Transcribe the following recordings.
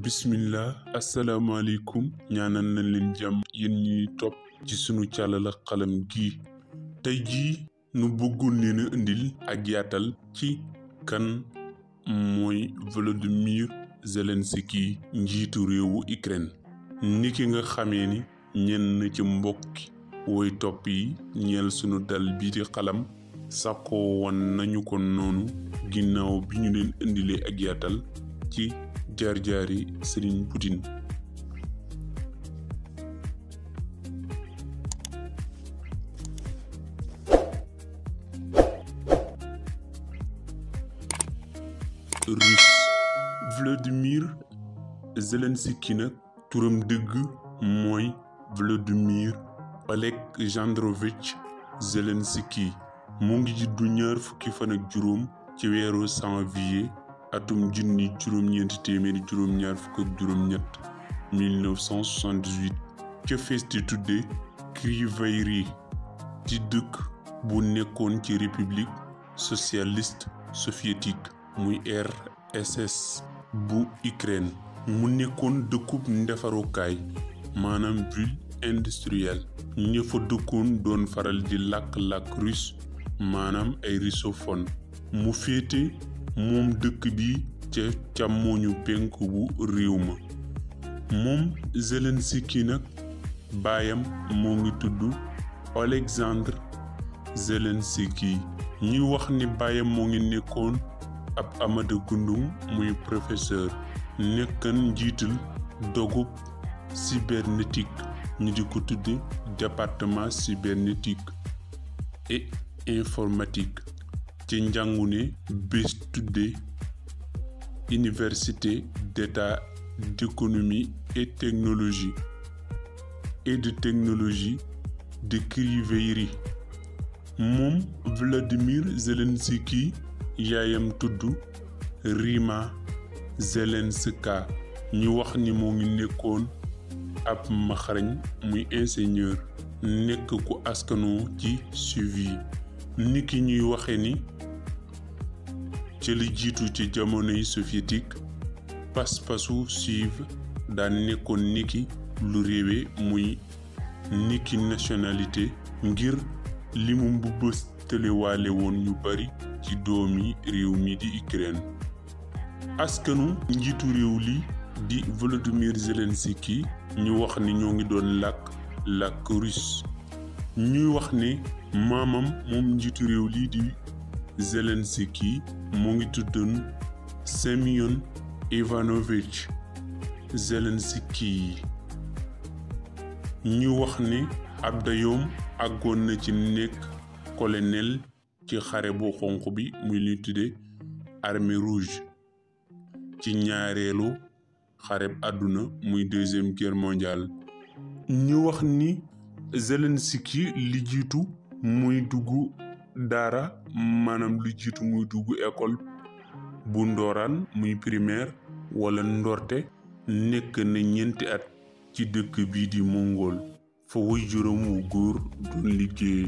bismillah asalaamaaleykum ñaanal na leen jàmm yéen ñuy topp ci sunu càllala xalam gi tey jii nu bëggoon leen a indil ak yaatal ci kan mooy Volodymyr Zelensky njiitu réewu Ukraine ni ki nga xamee ni ñenn ci mbokki woy topp yi ñeel sunu dal bii di xalam sàkkoo woon nañu ko noonu ginnaaw bi ñu leen indilee ak yaatal ci jaar-jaari Serigne Poutine russe Vladimir Zelensky nag turam dëgg mooy Vladimir Alexandrovitch Zelensky mu ngi juddu ñaar fukki fan ak juróom ci weeru janvier atum junni juróom-ñeenti téeméeri fukk ak juróom-ñett 1978 ca fees di tudde Krivyi di dëkk bu nekkoon ci république socialiste soviétique muy RSS bu Ukraine mu nekkoon dëkkub ndefarukaay maanaam ville industrielle ña fa dëkkoon doon faral di làkk-làkk russe maanaam ay russophone mu féete moom dëkk bi ca càmmoñu penk bu réew ma moom Zelensky nag baayam moo ngi tudd Alexandre Zelensky ñuy wax ni baayam moo ngi nekkoon ab Amada gundum muy professeur nekkan njiital dogub cybernétique ñu di ko tudde département cybernétique et informatique J'ai étudié université d'état d'économie et technologie et de technologie de Vladimir Zelensky Yayam Tudu, Rima Zelenska ñu ni ngi suivi Niki ci jiitu ci jamonoy soviétique pas-pasu suive daan nekkoon niki lu réewe muy niki nationalité ngir li mu mbubbës tëlewaale woon ñu bari ci doomi réew mi di Ukraine askanu njiitu réew li di Volodymyr Zelensky ñu wax ni ñoo ngi doon làkk làkk russe ñuy wax ne maamam moom njiitu réew li di Zelensky mu ngi tuddoon Semyon Ivanovich Zelensky ñu wax ni ab dayoom àggoon na ci nekk colonel ci xare bu xonq bi muy li tudde armée rouge ci ñaareelu xareb àdduna muy deuxième guerre mondiale ñu wax ni Zelensky li jiitu muy dugg daara maanaam lu jiitu muy dugg école bu ndooraan muy primère wala ndorte nekk na ñenti at ci dëkk bii di Mongol fa way juróom wu góor doon liggéey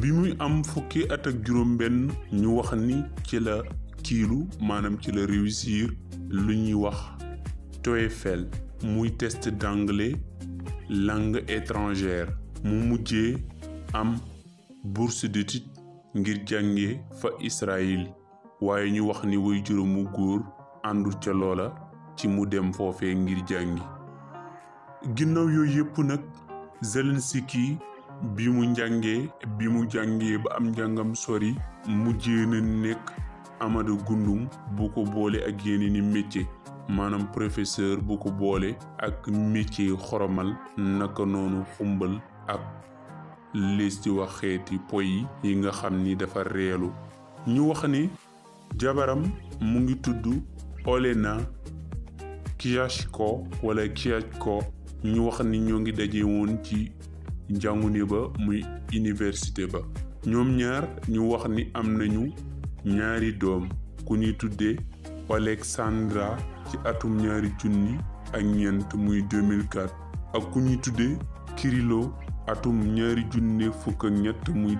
bi muy am fukki at ak juróom benn ñu wax ni ci la kiilu maanaam ci la réussir lu ñuy wax TOEFL muy test d'anglais langue étrangère mu mujjee am bourse d'études ngir jànge fa Israyil waaye ñu wax ni way juróom góor àndul ca loola ci mu dem foofe ngir jàngi ginnaaw yooyu yëpp nag Zelensky bi mu njàngee bi mu jàngee ba am njàngam sori mu na nekk Amadou Gundum bu ko boole ak yeneeni métier maanaam professeur bu ko boole ak métier xoromal naka noonu xumbal ak lees ci wax xeeti poyi yi nga xam ni dafa reelu ñu wax ni jabaram mu ngi tudd Olena Kiyashko wala Kiyashko ñu wax ni ñoo ngi daje woon ci njàngune ba muy université ba ñoom ñaar ñu wax ni am nañu ñaari doom ku ñuy tuddee Alexandra ci atum ñaari junni ak ñeent muy 2004 ak ku ñuy tuddee Kirilo atum ñaari junne fukk ñett muy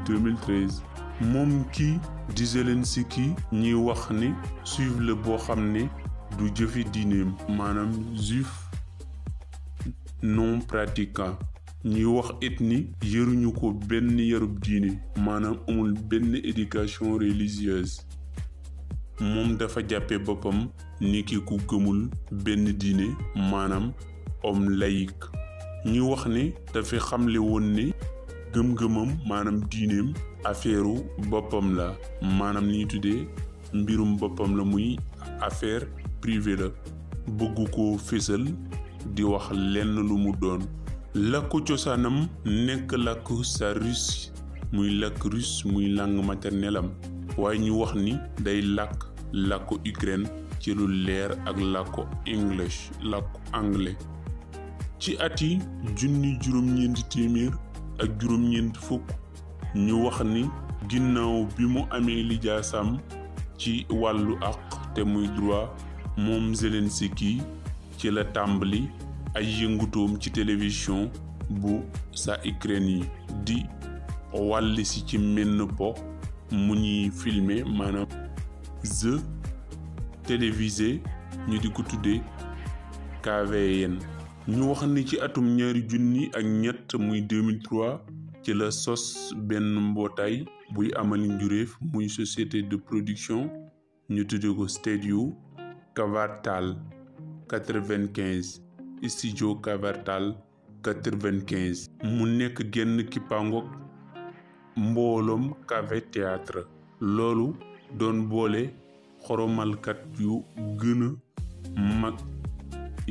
moom ki di Zelensky ñiy wax ni juif la boo xam ne du jëfi diineem maanaam juif non pratiquant ñuy wax it ni yaruñu ko benn yarub diine maanaam amul benn éducation religieuse moom dafa jàppe boppam ni ki ku gëmul benn diine maanaam homme laïque ñu wax ni dafa xamle woon ni gëm-gëmam maanaam diineem affaire boppam la maanaam ni tuddee mbirum boppam la muy affaire privée la bëggu ko fésal di wax lenn lu mu doon làkku cosaanam nekk làkku sa russe muy làkk russe muy langue maternelle waaye ñu wax ni day làkk làkku Ukraine ci lu leer ak làkku English làkku anglais ci ati yi ak juróom ñu wax ni ginnaaw bi mu amee lijaasam ci wàllu àq te muy droit moom Zelensky ci la tàmbali ay yëngutoom ci télévision bu sa Ukraine yi di wàll ci menn po mu ñuy filme maanaam The télévisé di ko tuddee KVN ñu wax ni ci atum ñaari junni ak ñett muy 2003 ci la sos benn mbootaay buy amali muy société de production ñu tuddee Stadio Kavartal 95 studio Cavartal 95 mu nekk genn de mbooloom Café Théâtre loolu doon boole xoromalkat yu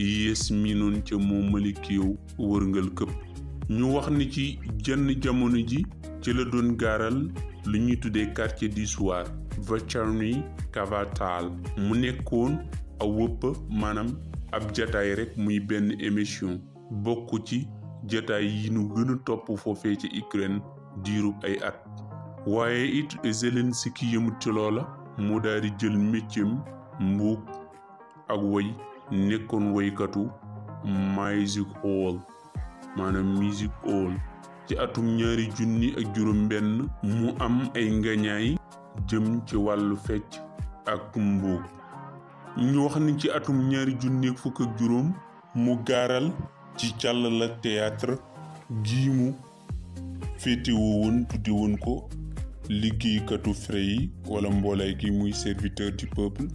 yées miinoon ca moo malikiw wërngal këpp ñu wax ni ci jenn jamono ji ci la doon gaaral li ñuy tuddee quartier du soir Vacharni Kavatal mu nekkoon aw wëpp maanaam ab jataay rek muy benn émission bokk ci jataay yi nu gën topp foofee ci Ukraine diirub ay at waaye it Zelensky yëmut ci loola mu daal jël méccam mbuug ak woy nekkoon woykatu music hall maanaam music hall ci atum ñaari junni ak juróom benn mu am ay ngañaay jëm ci wàllu fecc ak mbuug ñu wax ni ci atum ñaari junni ak fukk ak juróom mu gaaral ci càll la théâtre gii mu féetewoo woon tuddi woon ko liggéeykatu frais wala mboolaay gi muy serviteur du peuple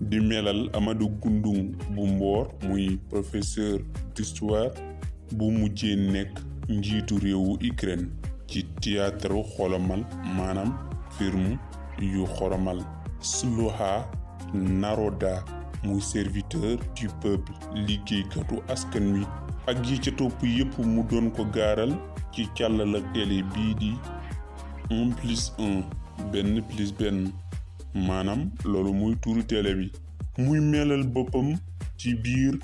di melal Amadou Goundougne bu Mbour muy professeur d'histoire bu mujjee nekk njiitu réewu Ukraine ci théâtre xolomal maanaam film yu xoromal Sluha Naroda muy serviteur du peuple liggéeykatu askan wi ak yi ca topp yépp mu doon ko gaaral ci càllala télé bii di un plus un benn maanaam loolu muy tuuru teele bi muy melal boppam ci biir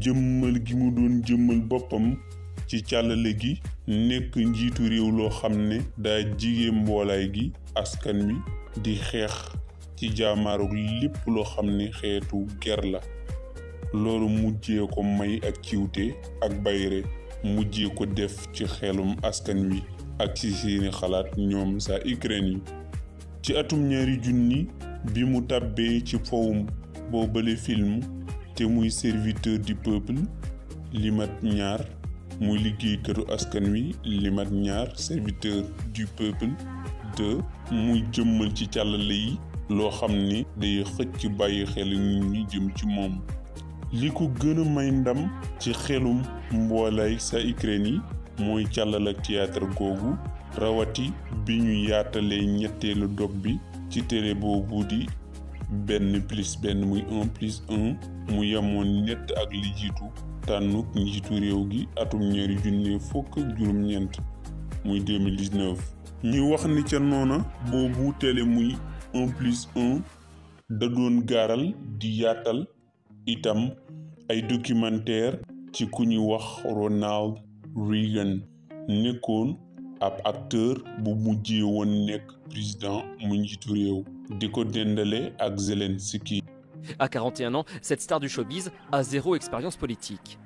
jëmmal gi mu doon jëmmal boppam ci càllale gi nekk njiitu réew loo xam ne daa jigéen mboolaay gi askan wi di xeex ci jaamaarug lépp loo xam ne xeetu ger la loolu mujjee ko may ak ciwte ak bayre mujjee ko def ci xelum askan wi ak ci seeni xalaat ñoom saa Ukraine yi ci atum ñaari junni bi mu tàbbee ci fowum boobale film te muy serviteur du peuple li mat ñaar muy liggéeykatu askan wi li mat ñaar serviteur du peuple deux muy jëmmal ci càllale yi loo xam ni day xëcc bàyyi xel nit ñi jëm ci moom li ko gën a may ndam ci xelum mboolaay sa Ukraine yi mooy càllal ak théâtre googu rawati bi ñu yaatalee ñetteelu dog bi ci téere boobu di benn plus benn muy un plus mu yemoon ñett ak li jiitu njiitu réew gi atum ñaari junne fukk ak juróom-ñeent muy ñu wax ni ca noona boobu téere muy un plus un da gaaral di yaatal itam ay documentaire ci ku ñu wax Ronald Reagan nekkoon A À 41 ans, cette star du showbiz a zéro expérience politique.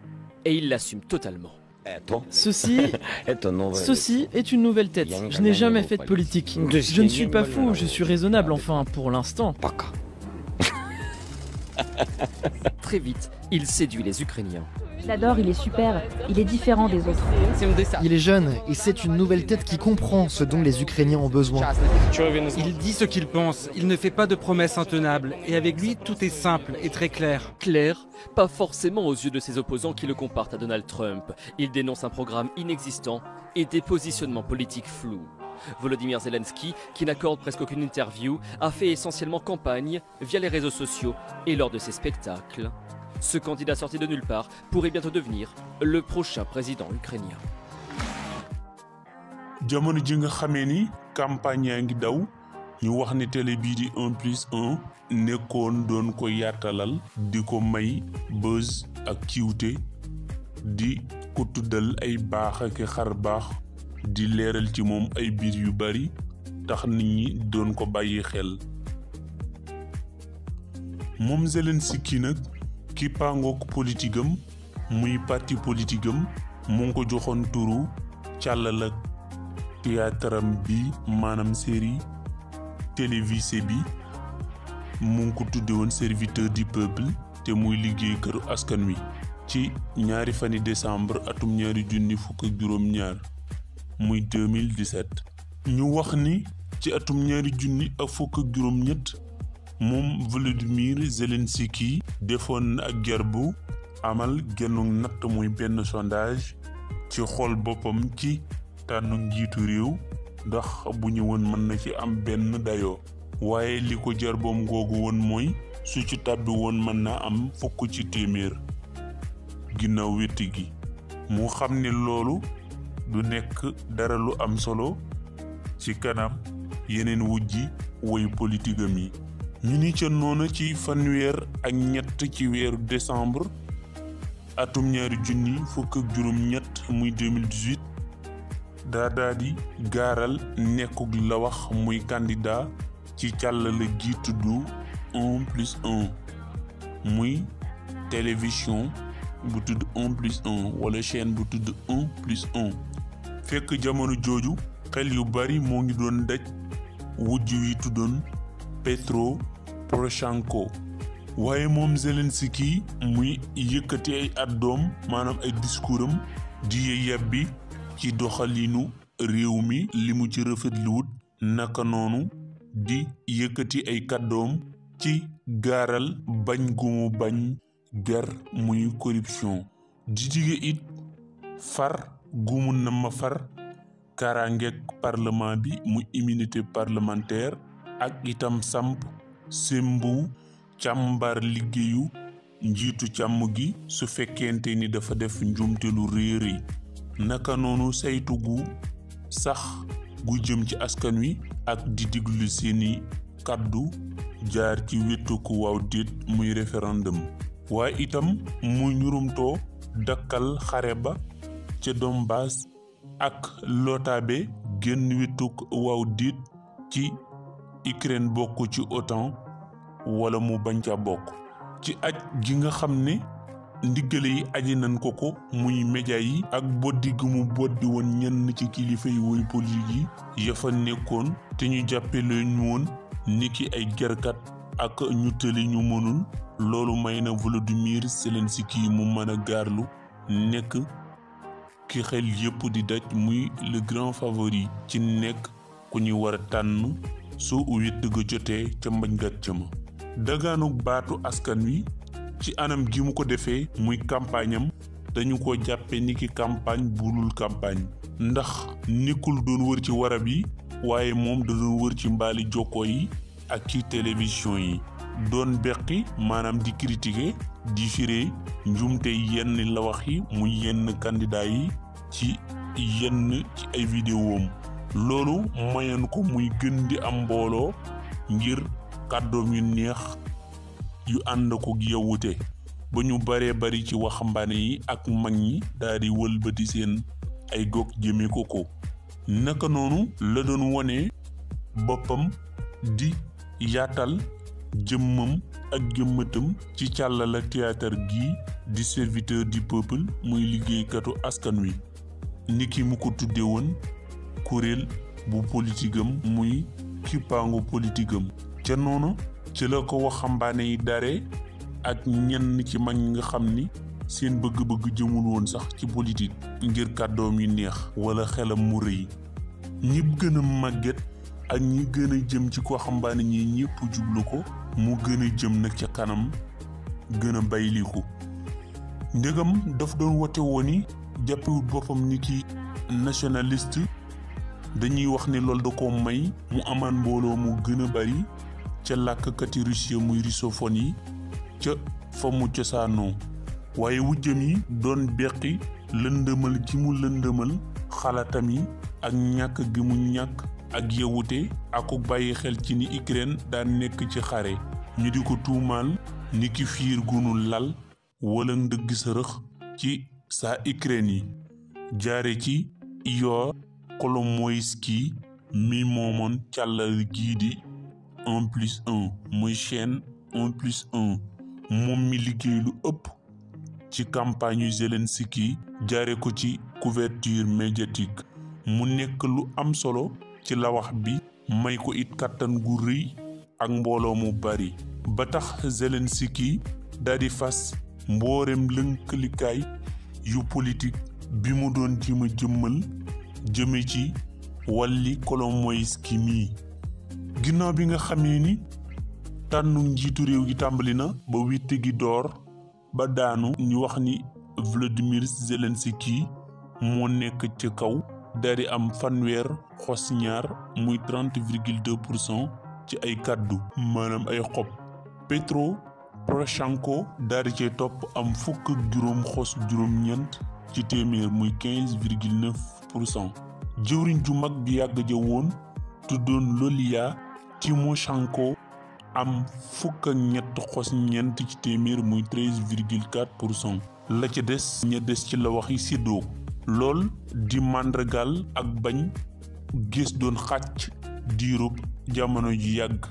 Et il l'assume totalement. Eh, ceci, eh, ceci est une nouvelle tête. Je n'ai jamais fait de politique. Je ne suis pas fou, je suis raisonnable, enfin, pour l'instant. Très vite, il séduit les Ukrainiens. Je l'adore, il est super, il est différent des autres. Il est jeune et c'est une nouvelle tête qui comprend ce dont les Ukrainiens ont besoin. Il dit ce qu'il pense, il ne fait pas de promesses intenables et avec lui tout est simple et très clair. Clair Pas forcément aux yeux de ses opposants qui le comparent à Donald Trump. Il dénonce un programme inexistant et des positionnements politiques flous. Volodymyr Zelensky, qui n'accorde presque aucune interview, a fait essentiellement campagne via les réseaux sociaux et lors de ses spectacles. Ce candidat sorti de nulle part pourrait bientôt devenir le prochain président ukrainien. jamono ji nga ni campagne yaa ngi daw ñu wax ni télé di plus un nekkoon doon ko yatalal di ko may buzz ak kiwte di ko tuddal ay baax ak xar baax di léral ci mom ay bir yu bari tax nit ñi doon ko bayyi xel mom Zelensky nak ki pàngook politique am muy parti politique am mu ngi ko joxoon turu càllal ak théâtre bi maanaam série télévisée bi mu ngi ko tudde woon serviteur du peuple te muy liggéey këru askan wi ci ñaari fani décembre atum ñaari junni fukk ak juróom ñaar muy 2017 ñu wax ni ci atum ñaari junni ak fukk ak juróom ñett moom Volodymyr Zelensky defoon na ak gerbu amal gennu natt muy benn sondage ci xool boppam ci tànnu njiitu réew ndax bu ñu woon mën na ci am benn dayo waaye li ko jarboom boom googu woon mooy su ci tàbbi woon mën na am fukk ci téeméer ginnaaw wetti gi mu xam ni loolu du nekk dara lu am solo ci kanam yeneen wujji woyu politigam yi ñu ni ca ci fanwer ak décembre fukk ak ñett muy 2018 daa di la wax candidat ci càllale 1 plus 1 muy télévision bu tudd 1 plus 1 wala chaîne bu 1 plus 1 fekk jamono jooju xel yu bari ngi Petro Poroshenko waaye moom Zelensky muy yëkkati ay addoom maanaam ay discours am di yabbi ci doxaliinu réew mi li mu ci rafetluwut naka noonu di yëkkati ay kàddoom ci gaaral bañ gu mu bañ ger muy corruption di dige it far gu mu na ma far kaaraangeeg parlement bi mu immunité parlementaire ak itam samp sembu càmbar liggéeyu njiitu càmm gi su fekkente ni dafa def njuumte lu réere naka noonu saytu sax gu jëm ci askan wi ak di diglu seeni kàddu jaar ci wétu ku waaw muy référendum waa itam mu ñurumtoo dakkal xare ba ca Donbass ak lotaabe génn wétuk waaw déet ci Ukraine bokk ci OTAN wala mu bañ bokk. ci aj gi nga xam ne ndiggale yi aji nañ ko ko muy média yi ak boddi gu mu boddi woon ñenn ci kilifa yi woy politique yi yafa nekkoon te ñu jàppe leen woon ni ki ay gerkat ak ñu tëli ñu mënul loolu may na Volodymyr Zelensky mu mën a gaarlu nekk ki xel yépp di daj muy le grand favori ci nekk ku ñu war a tànn su uyit dëgg jotee ca mbañ gat jëma dagaanug baatu askan wi ci anam ji mu ko defee muy campagne dañu ko jàppe niki campagne bulul campagne ndax nekkul doon wër ci warab yi waaye moom da doon wër ci mbaali jokkoo yi ak ci télévision yi doon beqi maanaam di critiquer di firé njumte yenn la wax yi muy yenn candidat yi ci yenn ci ay vidéo loolu mayoon ko muy gën di am mbooloo ngir kàddoom yu neex yu ànd ko yowute ba ñu baree bari ci waxambaane yi ak mag ñi daldi di wëlbati seen ay gog jëme ko ko naka noonu la doon wone boppam di yaatal jëmmam ak jëmmatam ci càllala théâtre gi di serviteur du peuple muy liggéeykatu askan wi ki mu ko tudde kuréel bu politique muy kippaangu politique am ca noonu ci la ko waxambaane yi dare ak ñenn ci mag ñi nga xam ni seen bëgg-bëgg jëmul woon sax ci politique ngir kàddoom yi neex wala xelam mu rëy ñib gën a màgget ak ñi gën a jëm ci ko xambaane ñi ñëpp jublu ko mu gën a jëm nag ca kanam gën a bayliku ndegam daf doon wote woon ni jàppewut boppam ni ki nationaliste dañuy wax ni loolu da ko may mu amaan mbooloo mu gën a bari ca làkkati russe muy russophone yi ca fa mu cosaanoo waaye wujjam yi doon beqi lëndëmal gi mu lëndëmal xalaatam yi ak ñàkk gi mu ñàkk ak yewute aku bàyyi xel ci ni Ukraine daan nekk ci xare ñu di ko tuumaal ni ki fiir gunu lal wala ndëgg sa rëx ci sa Ukraine yi jaare ci iyoor kolo moys ki mi momon chalal gidi 1 plus 1 moy chen 1 1 mom mi ligey lu upp ci campagne Zelensky jare ko ci couverture médiatique mu nek lu am solo ci la wax bi may ko it katan gu reuy ak mbolo mu bari ba tax Zelensky dadi fas mborem leunk likay yu politique bi mu don jima jëmmal jëme ci Wally Colomoyski mii ginnaaw bi nga xamee ni tànnum njiitu réew gi tàmbali na ba witte gi door ba daanu ñu wax ni Volodymyr Zelensky moo nekk ci kaw dari am fanweer xos ñaar muy trente virgule deux pour cent ci ay kàddu maanaam ay xob Petro Poroshenko di cee topp am fukk ak juróom xos juróom ñeent ci téeméer muy quinze virgule neuf pour cent. jëwriñ ju mag bi yàgg ja woon tuddoon Loliya Timoshenko am fukk ñett xos ñeent ci téeméer muy treize virgule quatre pour cent. la ca des ña des ci la wax yi séddoo lool di màndargaal ak bañ gis doon xàcc diirub jamono ji yàgg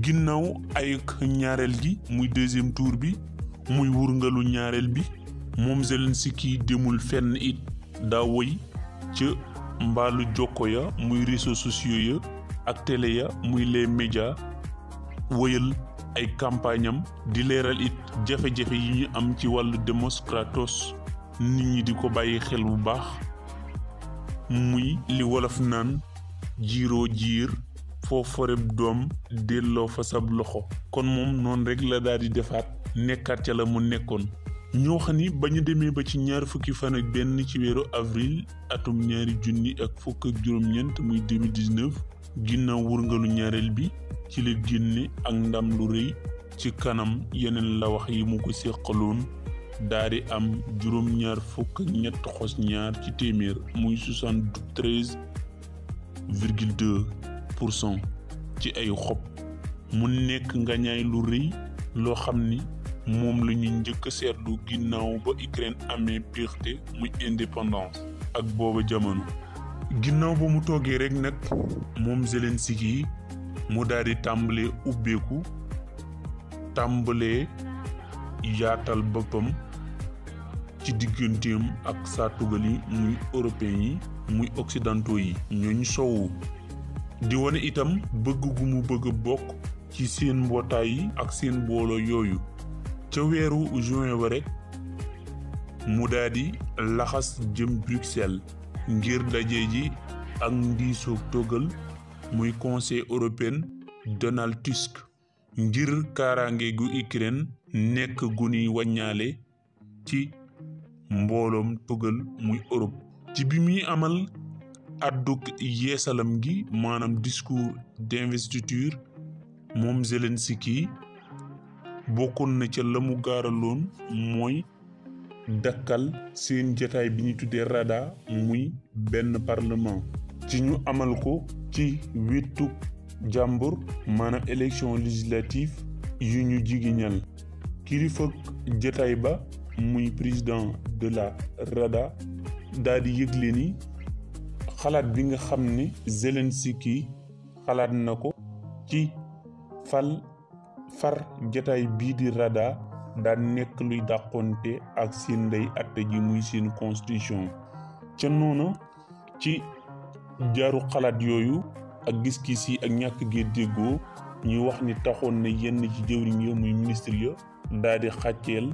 ginnaaw ay ñaareel gi muy deuxième tour bi muy wurngalu ñaareel bi moom Zelensky demul fenn it daa woy ca mbaalu jokko ya muy réseaux sociaux ya ak télé ya muy les médias woyal ay campagne di leeral it jafe-jafe yi ñu am ci wàllu démoskratos nit ñi di ko bàyyi xel bu baax muy li wolof naan jiiroo jiir foo foreb doom delloo fa sab loxo kon moom noonu rek la daal di defaat nekkaat ca la mu nekkoon ñoo xam ni ba ñu demee ba ci ñaar fukki fan ak benn ci weeru avril atum ñaari junni ak fukk ak juróom-ñeent muy 2019 wurngalu ñaareel bi ci la génne ak ndam lu rëy ci kanam yeneen la wax yi mu ko seqaloon daa am juróom-ñaar fukk ak ñett xos ñaar ci téeméer muy 73 virgule 2 pour cent ci ay xob mu nekk ngañaay lu rëy loo xam ni moom la njëkk a seetlu ginnaaw ba Ukraine amee pureté muy indépendance ak booba jamono. ginnaaw ba mu toogee rekk nag moom Zelensky mu daldi di tàmbalee ubbeeku tàmbalee yaatal boppam ci digganteem ak saatugal yi muy européen yi muy occidentaux yi ñooñ sowu di wane itam bëgg gu mu bëgg bokk ci seen mbootaay yi ak seen booloo yooyu ca weeru juin ba rek mu daldi laxas jëm Bruxelles ngir daje ji ak ndiisoog Tugal muy conseil européen Donald Tusk ngir kaaraange gu Ukraine nekk gu ñuy wàññaale ci mbooloom Tugal muy Europe ci bi muy amal adduk yeesalam gi maanaam discours d'investiture moom Zelensky bokkoon na ca lamu mu gaaraloon mooy dakkal seen jataay bi ñu tuddee rada muy benn parlement ci ñu amal ko ci wéttu jàmbur maanaam élection législative yu ñu jigiñal kilifa jataay ba muy président de la rada daal di yëgle ni xalaat bi nga xam ne Zelensky xalaat na ko ci fal far jataay bii di rada daan nekk luy dàqonte ak seen ndey atte ji muy seen constitution ca noona ci jaaru xalaat yooyu ak gis-gis yi ak ñàkk gee déggoo ñu wax ni taxoon na yenn ci jëwriñ ya muy ministre ya daal xàcceel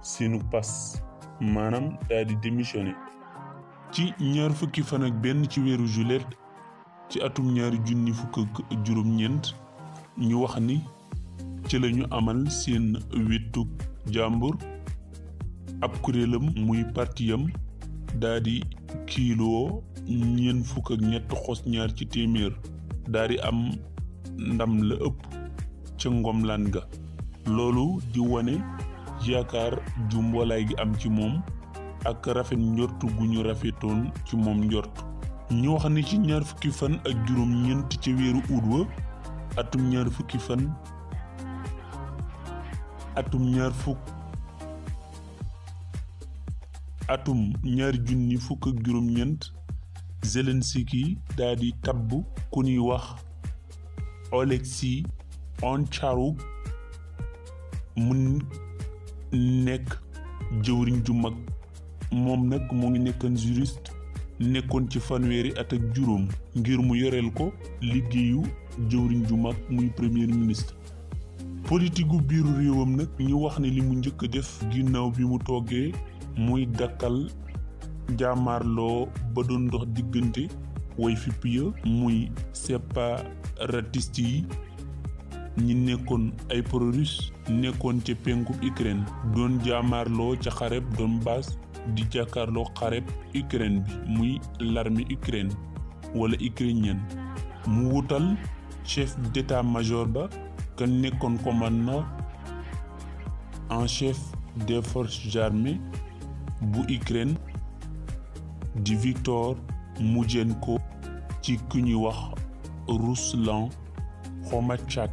seenu pas maanaam daal di ci ñaar fukki fan ak benn ci weeru juillet ci atum ñaari junni fukk ak juróom-ñeent ñu wax ni ci la ñu amal seen wittug jàmbur ab kuréelam muy partiyam daldi di kiiloo ñeent xos ñaar ci téeméer daldi am ndam la ëpp ca ngomlaan ga loolu di wone yaakaar ju mboolaay gi am ci moom ak rafet njort ñu rafetoon ci moom njort ñu wax ni ci ñaar fukki fan ak juróom ñeent ca weeru ut wa atum ñaar fukki fan atum ñaar fukk atum ñaari junni di tabb ku ñuy wax Oleksiy Oncharuk mu nekk jëwriñ ju mag moom nag mu ngi nekkoon juriste nekkoon ci fanweeri at ak juróom ngir mu yoreel ko liggéeyu jëwriñ ju mag muy premier ministre politique gu biiru réewam nag ñu wax ne li mu njëkk a def ginnaaw bi mu toogee muy dakkal jaamaarloo ba doon ndox diggante woy fipp ya muy séparatiste yi ñi nekkoon ay pro nekkoon ca penkub Ukraine doon jaamaarloo ca xareb Donbass di jàkkaarloo xareb Ukraine bi muy l'armée Ukraine walla ukrainien mu wutal chef d'état-major ba kan nekkoon commandant en chef des force armées bu Ukraine di Viktor ko ci ku ñuy wax Ruslan Khomchak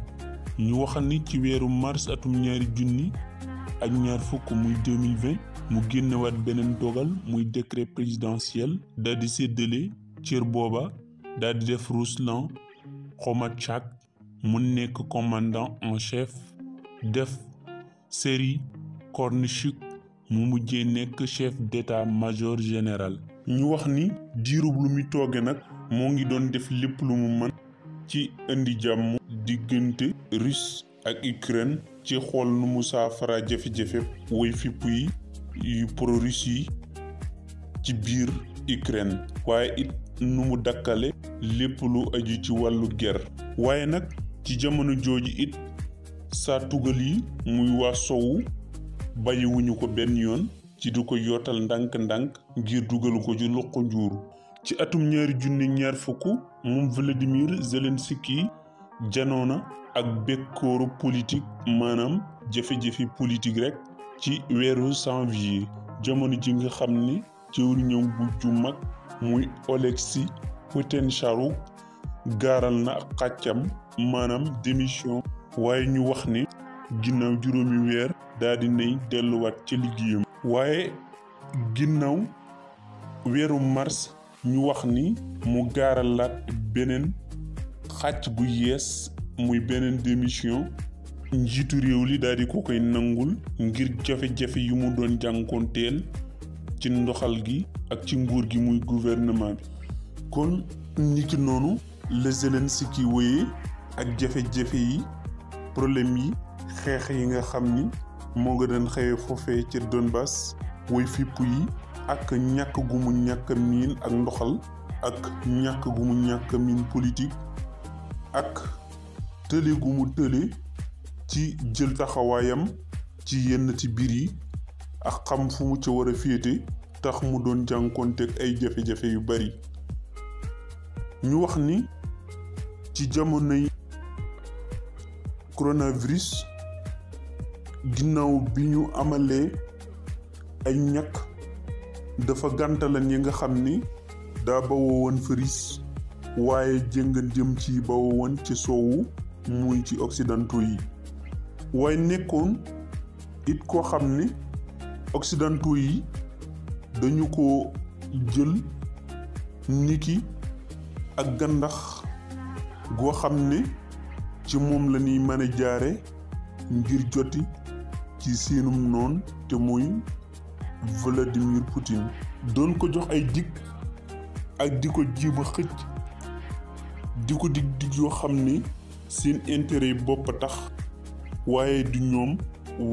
ñu wax ni ci weeru mars atum ñaari junni ak ñaar fukk muy 2020 mu génnewaat beneen dogal muy décret présidentiel dal di séddale cër booba daal di def Ruslan Khomchak mu nekk commandant en chef def série Kornichuk mu mujjee nekk chef d'état-major général. ñu wax ni diirub lu muy tooge nag moo ngi doon def lépp lu mu mën ci indi jàmm diggante Russe ak Ukraine ci xool nu mu saafara jafe-jafe woy fipp yi yu pro-russe ci biir Ukraine waaye it nu mu dakkale lépp lu aju ci wàllu guerre waaye nag ci jamono jooju it saa tugal yi muy waa sowu bàyyiwuñu ko benn yoon ci di ko yootal ndànk-ndànk ngir dugalu ko ci loxo njur ci atum ñaari junne ñaar fukk moom Vladimir Zelensky janoo na ak bekkooru politique maanaam jafe-jafe politique rek ci weeru janvier jamono ji nga xam ni jëwriñam bu ju mag muy Oleksi Potentcharuk gaaral na xàccam maanaam démission waaye ñu wax ni ginnaaw juróomi weer daldi di nay delluwaat ci liggéeyam waaye ginnaaw weeru mars ñu wax ni mu gaaralaat beneen xàcc bu yees muy beneen démission njiitu réew li daal ko koy nangul ngir jafe-jafe yu mu doon jànkoonteel ci ndoxal gi ak ci nguur gi muy gouvernement bi kon niki noonu la Zelensky wéyee ak jafe-jafe yi problème yi xeex yi nga xam ni moo nga doon xewee foofee ca Donbass woy fipp yi ak ñàkk gu mu ñàkk miin ak ndoxal ak ñàkk gu mu ñàkk miin politique ak tële gu mu tële ci jël taxawaayam ci yenn ci biir yi ak xam fu mu ca war a tax mu doon jànkonteeg ay jafe-jafe yu bari ñu wax ni ci jamono coronavirus ginnaaw bi ñu amalee ay ñakk dafa gàntalan yi nga xam ni daa bawoo woon fëris waaye jëngan jëm ci bawoo woon ci soowu muy ci occidentaux yi waaye nekkoon it koo xam ni occidentaux yi dañu ko jël niki ak gàndax goo xam ni ci moom la ñuy mën a jaare ngir joti ci seenum noon te muy Vladimir Poutine doon ko jox ay dig ak di ko jiib xëcc di ko dig dig yoo xam ni seen intérêt yi bopp tax waaye du ñoom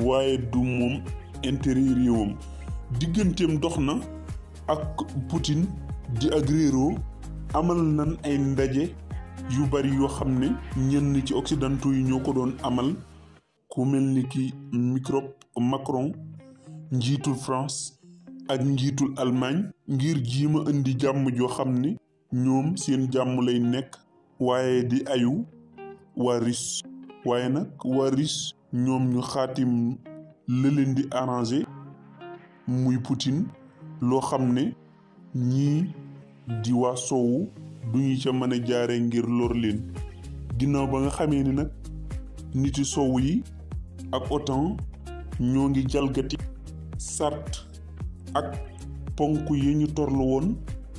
waaye du moom intérêt réewam digganteem dox na ak Poutine di ak réeroo amal nan ay ndaje yu bari yoo xam ne ñenn ci occidentaux yi ñoo ko doon amal ku mel ni ki microbe Macron njiitul France ak njiitul Allemagne ngir jiima indi jàmm joo xam ne ñoom seen jàmm lay nekk waaye di ayu waa Russie waaye nag waa Russie ñoom ñu xaatim la leen di arrangé muy Poutine loo xam ne ñii di waa sowu bu ñu ca mën a jaaree ngir lor leen dina ba nga xamee ni nag niti sow yi ak OTAN ñoo ngi jalgati sart ak ponk yi ñu torlu woon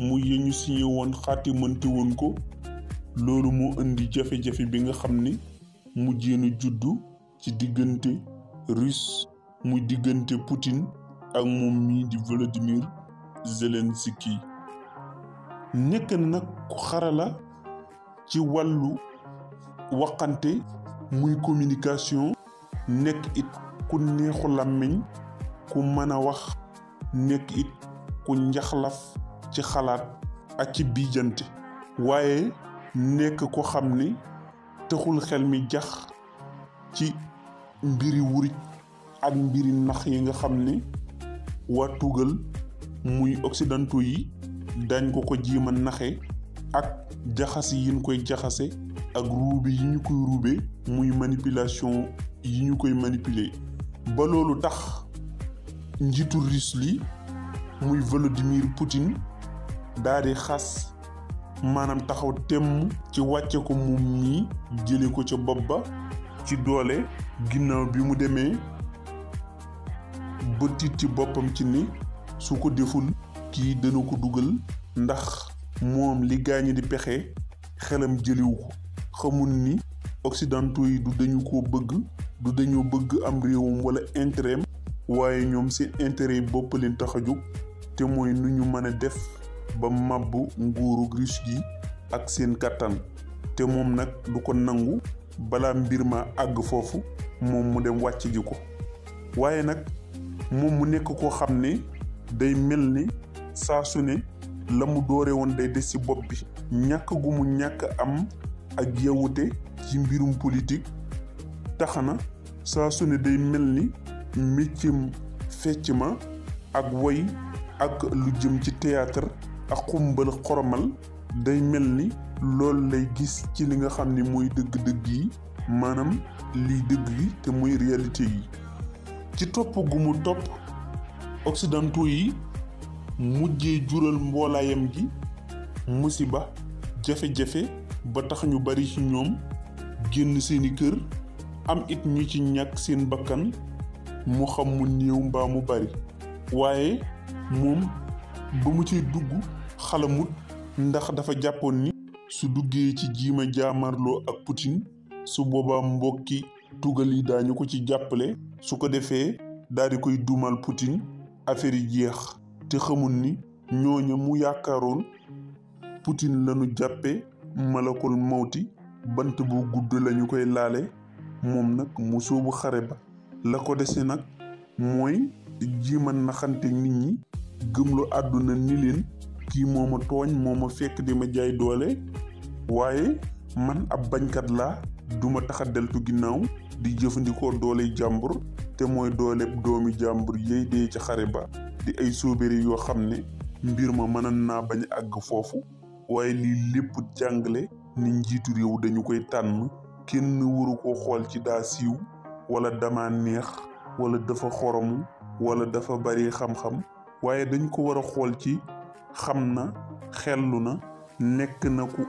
mu yi ñu signé woon xaati mënti woon ko loolu mu indi jafe-jafe bi nga xam ne mu jéenu juddu ci diggante russe muy diggante Poutine ak moom mii di Volodymyr Zelensky nekk na nag ku xarala ci wàllu waxante muy communication nekk it ku neexu làmmiñ ku mën a wax nekk it ku njaxlaf ci xalaat ak ci biijante waaye nekk ko xam ni taxul xel mi jax ci mbiri wurit ak mbiri nax yi nga xam ne waa tugal muy occidentaux yi dañ ko ko jiim a naxe ak jaxase yiñ koy jaxase ak ruube yi ñu koy ruube muy manipulation yi ñu koy manipuler ba loolu tax njiitu Russe li muy Volodymyr Poutine daal di xas maanaam taxaw temm ci wàcce ko moom ñi jële ko ca bopp ba ci doole ginnaaw bi mu demee ba ci boppam ci ni su ko deful kii dana ko dugal ndax moom li gaa gaañi di pexe xelam jëliwu ko xamul ni occidentaux du dañu ko bëgg du dañoo bëgg am réewum wala intérêt am waaye ñoom seen intérêt yi bopp leen tax a jóg te mooy nu ñu mën a def ba màbb nguuru Russie gi ak seen kàttan te moom nag du ko nangu balaa mbir ma àgg foofu moom mu dem wàcc ji ko waaye nag moom mu nekk koo xam ne day mel ni saa su ne la mu doore woon day des ci bopp bi ñàkk gu mu ñàkk am ak yawute ci mbirum politique tax na saa su ne day mel ni méccam fecc ma ak woy ak lu jëm ci théâtre ak xumbal xoromal day mel ni loolu lay gis ci li nga xam ni mooy dëgg-dëgg yi maanaam lii dëgg yi te muy réalité yi ci topp gu mu topp occidentaux yi mujjee jural mboolaayam gi musiba jafe-jafe ba tax ñu bari ci ñoom génn seeni kër am it ñu ci ñàkk seen bakkan mu xam mu néew mbaa mu bari waaye moom ba mu ciy dugg xalamut ndax dafa jàppoon ni su duggee ci jiima jaamarloo ak Poutine su boobaa mbokki tugal yi daañu ko ci jàppale su ko defee daal di koy duumal Poutine affaire yi jeex te xamul ni ñooñu mu yaakaaroon Poutine lanu jàppe malakul mawti bant bu gudd lañu koy laale moom nag mu soobu xare ba la ko dese nag mooy jiima naxante nit ñi gëmlu àdduna ni leen kii moo ma tooñ moo ma fekk di ma jaay doole waaye man ab bañkat la duma taxa deltu ginnaaw di jëfandikoo doole jàmbur te mooy doole doomi jàmbur yey dee ca xare ba di ay soobéri yoo xam ne mbir ma mën naa bañ àgg foofu waaye lii lépp jàngale ni njiitu réew dañu koy tànn kenn waru koo xool ci daa siiw wala dama neex walla dafa xoromu wala dafa bari xam-xam waaye dañ ko war a xool ci xam na xellu na nekk na ku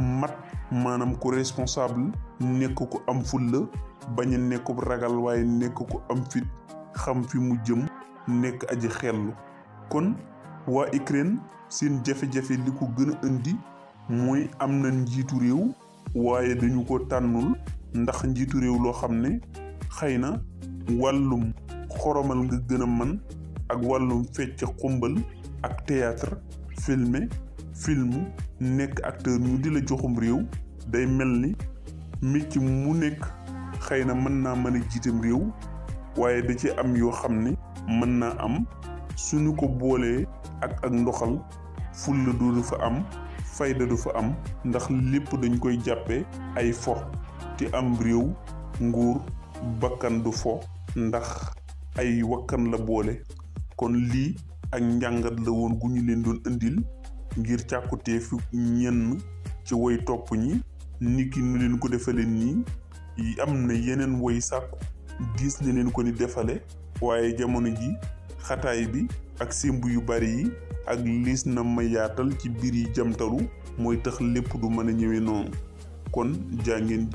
mat maanaam ku responsable nekk ko am fulla bañ a nekkub ragal waaye nekk ko am fit xam fi mu jëm nekk aji xellu kon waa Ukraine seen jafe-jafe li ko gën a indi mooy am na njiitu réew waaye dañu ko tànnul ndax njiitu réew loo xam ne xëy na wàllum xoromal nga gën a mën ak wàllum fecc xumbal ak théâtre filmé film nekk acteur ñu di la joxum réew day mel ni micc mu nekk xëy na mën naa mën a jiitam réew waaye da ci am yoo xam ne mën naa am suñu ko boolee ak ak ndoxal fulla du fa am fayda du fa am ndax lépp dañ koy jàppe ay fo te am réew nguur bakkan du fo ndax ay wakkan la boole kon lii ak njàngat la woon gu ñu leen doon indil ngir càkkutee fi ñenn ci woy topp ñi nit ki nu leen ko defalee nii am na yeneen woy sàkku diis ne leen ko ni defale waaye jamono ji xataay bi ak simb yu bari yi ak liis na ma yaatal ci biir yi jamtalu mooy tax lépp du mën a ñëwee noonu kon jaa ngeen